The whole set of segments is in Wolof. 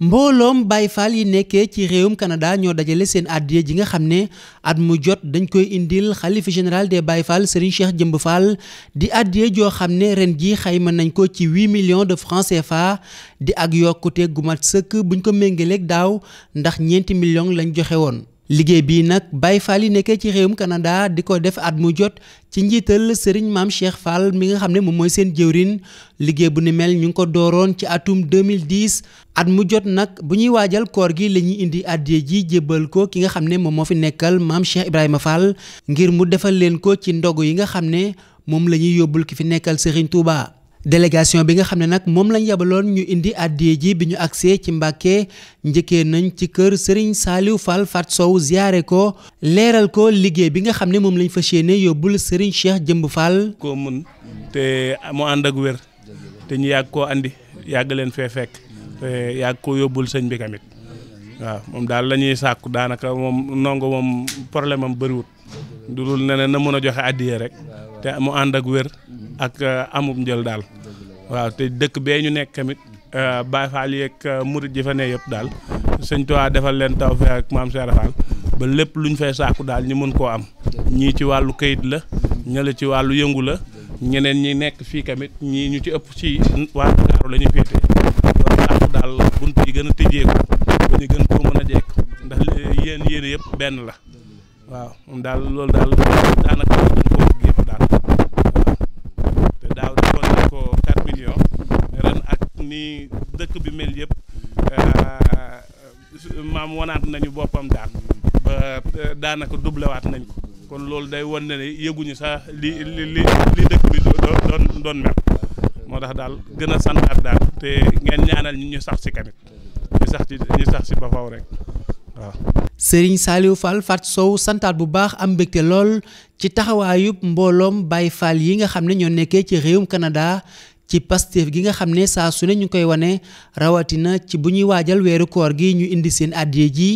mbooloom Baay fall yi nekkee ci réewum Canada ñoo dajale seen addiya ji nga xam ne at mu jot dañ koy indil xalifa général des Baay Faal Serigne Cheikh Jëmb Fall di addiya joo xam ne ren jii xayma nañ ko ci 8 millions de francs CFA di ak yokkute gu mat sëkk buñ ko méngaleeg daaw ndax ñeenti millions lañ joxe woon. liggéey bii nag Baye Fall yi nekkee ci réewum Canada di ko def at mu jot ci njiital sëriñ maam Cheikh fal mi nga xam ne moom mooy seen jëwrin liggéey bu ni mel ñu ngi ko dooroon ci atum 2010 at mu jot nag bu ñuy waajal koor gi la ñuy indi addiya ji jébbal ko ki nga xam ne moom moo fi nekkal maam Cheikh Ibrahima fal ngir mu defal leen ko ci ndogu yi nga xam ne moom la ñuy yóbbul ki fi nekkal sëriñ Touba. délégation bi nga xam ne nag moom lañ yabaloon ñu indi àddiya ji bi ñu agsee ci Mbàkke njëkkee nañ ci kër Serigne Saliou Fall Fat Sow ziyaare ko leeral ko liggéey bi nga xam ne moom lañ fas yéene yóbbul Serigne Cheikh Jëmb Fall. koo mën te mu ànd ak wér te ñu yàgg koo andi yàgg leen fee fekk te yàgg koo yóbbul sëñ bi tamit waaw moom daal lañuy ñuy sàkku daanaka moom nongo moom problème am bëriwut du dul ne na mën a joxe àddiya rek te mu ànd ak wér ak euh, amub njël daal. waaw te dëkk bee ñu nekk tamit euh, Baye Fall yeeg euh, murit ji fa ne yëpp daal sëñ Tuubaa defal leen tawfeex ak maam Cheikh Fall ba lépp lu ñu fay sàkku daal ñu mën koo am ñii ci wàllu kayit la ñële ci wàllu yëngu la ñeneen ñi nekk fii tamit ñii ñu ci ëpp ci waa Ndakaaru la ñu féete doon sàkku daal bunt yi gën a tëjeeku ba ñu gën koo mën a jekk ndax yéen yéen yëpp benn la waaw moom daal loolu daal daanaka ni dëkk bi mel yëpp euh, maam wanaat nañu boppam daal ba euh, daanaka dublewaat nañ ko kon loolu day wan ne yëguñu sax li li li dëkk bi doon doon mel moo tax daal gën a santaat daal te ngeen ñaanal ñi ñu sax si kamit ñu sax ci ñu sax si ba faw rek waaw. Serigne Saliou Fall Fatou Sow santaat bu baax am mbégte lool ci taxawaayub mbooloom Baye Fall yi nga xam ne ñoo nekkee ci réewum Canada ci Pastef gi nga xam ne saa su ne ñu koy wane rawatina ci bu ñuy waajal weeru koor gi ñu indi seen addiya ji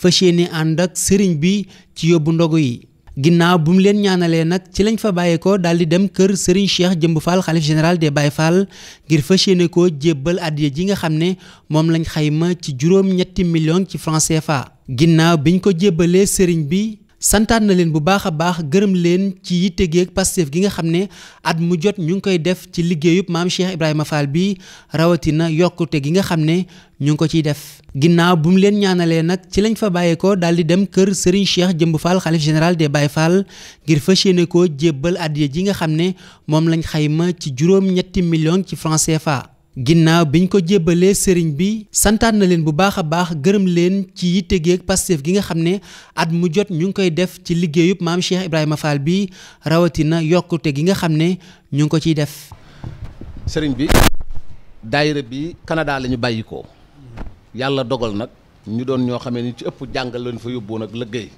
fas yéene ànd ak sëriñ bi ci yóbbu ndogu yi. ginnaaw bu mu leen ñaanalee nag ci lañ fa bàyyeekoo daal di dem kër Serigne Cheikh Jëmb Fall xalif général des Baye Fall ngir fas yéene ko jébbal addiya ji nga xam ne moom lañ xayma ci juróom-ñetti million ci franc CFA. ginnaaw biñ ko jébbalee sëriñ bi. santaat na leen bu baax a baax gërëm leen ci yitte geeg Pastef gi nga xam ne at mu jot ñu ngi koy def ci liggéeyub maam Cheikh Ibrahima faal bi rawatina yokkute gi nga xam ne ñu ngi ko ciy def. ginnaaw bu mu leen ñaanalee nag ci lañ fa bàyyeekoo daal di dem kër Serigne Cheikh Jëmb Fall xalif général des Baye Fall ngir fas yéene ko jébbal addiya ji nga xam ne moom lañ xayma ci juróom-ñetti million ci franc CFA. ginnaaw biñ ko jébbalee sëriñ bi santaat na leen bu baax a baax gërëm leen ci yitte gi ak Pastef gi nga xam ne at mu jot ñu ngi koy def ci liggéeyub maam Cheikh Ibrahima Fall bi rawatina yokkute gi nga xam ne ñu ngi ko ciy def. sëriñ bi daayira bi Canada la ñu bàyyi yàlla dogal nag ñu doon ñoo xamee ni ci ëpp jàng lañ fa yóbbu nag liggéey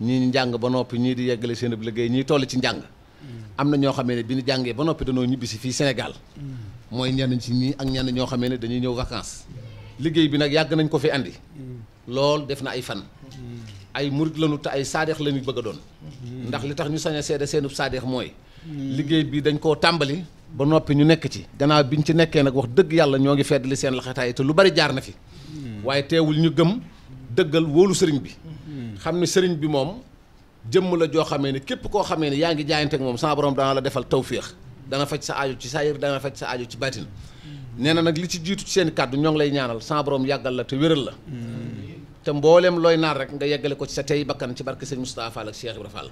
ñii njàng ba noppi ñii di yeggale seen liggéey ñii toll ci njàng. am na ñoo xamee ne bi ñu jàngee ba noppi danoo ñibbisi fii Sénégal mooy ñenn ci ñii ak ñenn ñoo xamee ne dañuy ñëw vacances liggéey bi nag yàgg nañ ko fi indi lool def na ay fan ay murit lañu te ay saadeex lañu bëgg a doon ndax li tax ñu sañ a seede seenub saadeex mooy liggéey bi dañ koo tàmbali ba noppi ñu nekk ci gannaaw bi ñu ci nekkee nag wax dëgg yàlla ñoo ngi feddali seen laxataay te lu bari jaar na fi waaye teewul ñu gëm dëggal wóolu sëriñ bi xam ne sëriñ bi moom jëmm la joo xamee ne képp koo xamee ne yaa ngi jaayante moom sama borom dana la defal tawféex dana faj sa ajo ci saa dana faj sa ajo ci baatin nee na nag li ci jiitu ci seen kàddu ñoo ngi lay ñaanal sa borom yàggal la te wéral la te mbooleem looy naar rek nga yeggale ko ci sa tey bakkan ci barke sëñ Moustapha Fall ak Cheikh Ibra Fall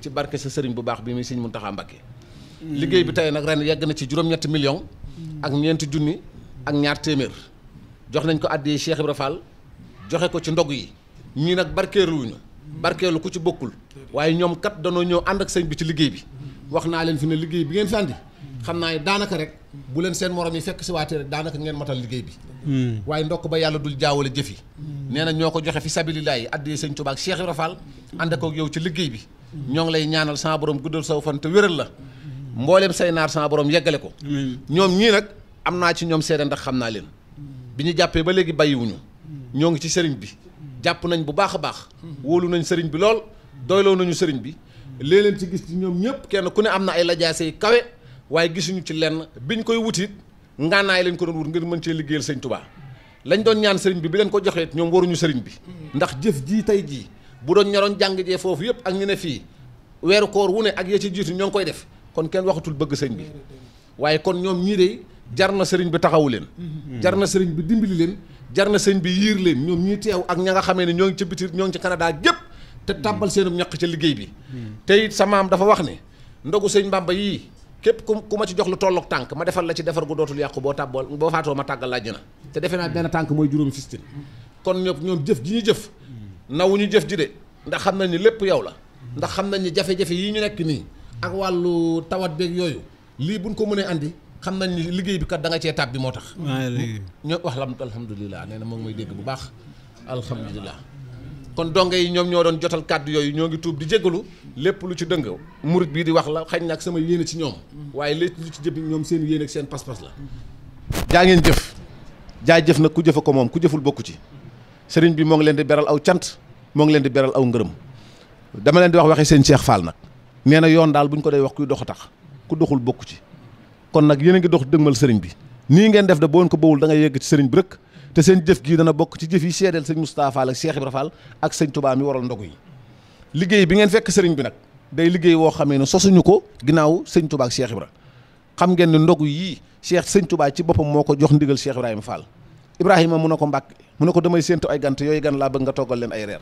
ci barke sa sëriñ bu baax bi muy sëñ Mountakha Mbacké liggéey bi tey nag ren yegg na ci juróom-ñetti million ak ñeenti junni ak ñaar téeméer jox nañ ko àddee Cheikh Ibra joxe ko ci ndog yi ñii nag barkeeluwuñu barkeelu ku ci bokkul waaye ñoom kat danoo ñëw ànd ak sëñ bi ci liggéey bi wax naa leen fi ne liggéey bi ngeen fi àndi xam naa ne daanaka rek bu leen seen morom yi fekk si waatee rek daanaka ngeen matal liggéey bi hmm. waaye ndokk ba yàlla dul jaawale jëf yi hmm. nee na ñoo ko joxe fi sabilillah yi addee sëñ Tuubaa ak Cheikh Ibra Fall yow ci liggéey bi hmm. ñoo ngi lay ñaanal sama borom guddal saw fan te wéral la mbooleem say naar sama boroom yeggale ko ñoom ñii nag am naa ci ñoom seede ndax xam naa leen bi ñu jàppee ba léegi bàyyiwuñu ñoo ngi ci sëriñ bi jàpp nañ bu baax a baax wóolu nañ sëriñ bi lool doyloo nañu sëriñ bi léeg leen ci gis ci ñoom ñëpp kenn ku ne am na ay lajaase yu kawe waaye gisuñu ci lenn ñu koy wutit ngaanaay lañ ko doon wut ngir mën cee liggéeyal sañ Tuubaa lañ doon ñaan sëriñ bi bi leen ko joxeet ñoom waruñu sëriñ bi ndax jëf jii tey jii bu doon ñoroon jàng jee foofu yëpp ak ñu ne fii weeru koor wu ne ak ya ci jiitu ñoo ngi koy def kon kenn waxatul bëgg sëñ bi waaye kon ñoom ñii de jar na sëriñ bi taxawu leen jar na sëriñ bi dimbali leen jar na sëriñ bi yiir leen ñoom ñii teew ak ña nga xamee ne ñoo ngi ci bitir ñoo ngi ci Canada gépp te tàbbal seenum ñaq ca liggéey bi te it sa maam dafa wax ne ndogu sëñ Bamba yii képp ku ku ma ci jox lu tolloog tànk ma defal la ci defar gu dootul yàqu boo tàbbal boo faatoo ma tàggal laaj na te defe naa benn tànk mooy juróom fistin kon ñoom ñoom jëf ji ñu jëf nawu ñu jëf ji de ndax xam na ni lépp yow la ndax xam nañ ni jafe-jafe yi ñu nekk nii ak wàllu tawat beeg yooyu lii buñ ko mënee indi xam nañ ni liggéey bi kat da nga cee tab moo tax ñoo wax la alhamdulilah nee na moom mooy dégg bu baax alhamdulilah kon donge yi ñoom ñoo doon jotal kàddu yooyu ñoo ngi tuub di jégalu lépp lu ci dëng murit bii di wax la xañ na ak sama yéene ci ñoom waaye lépp lu ci jëpp ñoom seen yéene ak seen pas-pas la jaa ngeen jëf jaa jëf nag ku jëfa ko moom ku jëful bokk ci sëriñ bi moo ngi leen di beral aw cant moo ngi leen di beral aw ngërëm dama leen di wax waxee seen Cheikh faal nag nee na yoon daal bu ñu ko dee wax kuy dox a tax ku doxul bokku ci kon nag yéen a ngi dox sëriñ bi nii ngeen def da boon ko bawul da nga yegg ci sëriñ bi rek te seen jëf gii dana bokk ci jëf yi seedeel sëñ Moustapha Fall ak Cheikh Ibra ak sëñ Touba mi waral ndogu yi liggéey bi ngeen fekk sëriñ bi nag day liggéey woo xamee ne sosuñu ko ginnaaw sëñ Touba ak Cheikh Ibra xam ngeen ne ndogu yii Cheikh sëñ tubaa ci boppam moo ko jox ndigal Cheikh Ibrahima Fall Ibrahima mu ne ko mbàkk mu ne ko damay séentu ay gant yooyu gan laa bëgg nga toggal leen ay reer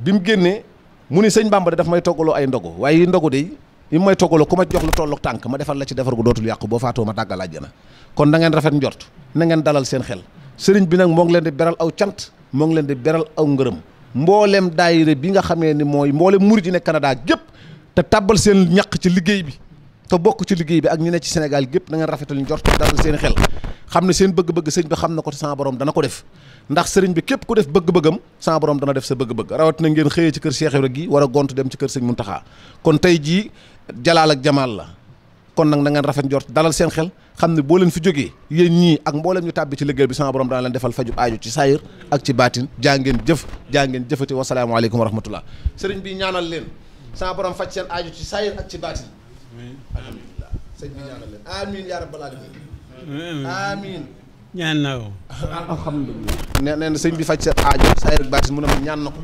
bi mu génnee mu ni sëñ Bamba de daf may toggaloo ay ndogu waaye ndogu de bi may toggaloo ku ma jox lu tollook tànk ma defal la ci defar gu dootul yàqu boo faatoo ma tàggal àjjana kon na rafet njort nangeen dalal seen xel sëriñ bi nag moo ngi leen di beral aw cant moo ngi leen di beral aw ngërëm mbooleem daayire bi nga xamee ni mooy mboolem murid yi ne Canada gépp te tàbbal seen ñaq ci liggéey bi te bokk ci liggéey bi ak ñu ne ci Sénégal gépp na ngeen rafetal njort dalal seen xel xam ne seen bëgg-bëgg sëñ bi xam na ko te sama borom dana ko def ndax sëriñ bi képp ku def bëgg-bëggam sama borom dana def sa bëgg-bëgg rawat na ngeen xëyee ci kër Cheikh Ibra gi war a gont dem ci kër sëñ Muntaxa kon tey jii jalaal ak jamaal la kon nag na ngeen rafet njort dalal seen xel xam ne boo leen fi jógee yéen ñii ak mbooleem ñu tàbbi ci liggéey bi sama borom dana leen defal fajub aaju ci saayir ak ci baatin jaa ngeen jëf jaa ngeen jëfati wasalaamaaleykum wa rahmatullah bi ñaanal leen sama borom faj seen aaju ci saayir ak ci baatin alhamdulilah sëñ bi ñaanal leen amin amiin ñaan na ko. alhamdulilah. nee na sëñ bi faj sa aajo saa yor baatis mu ne ma ñaan na ko.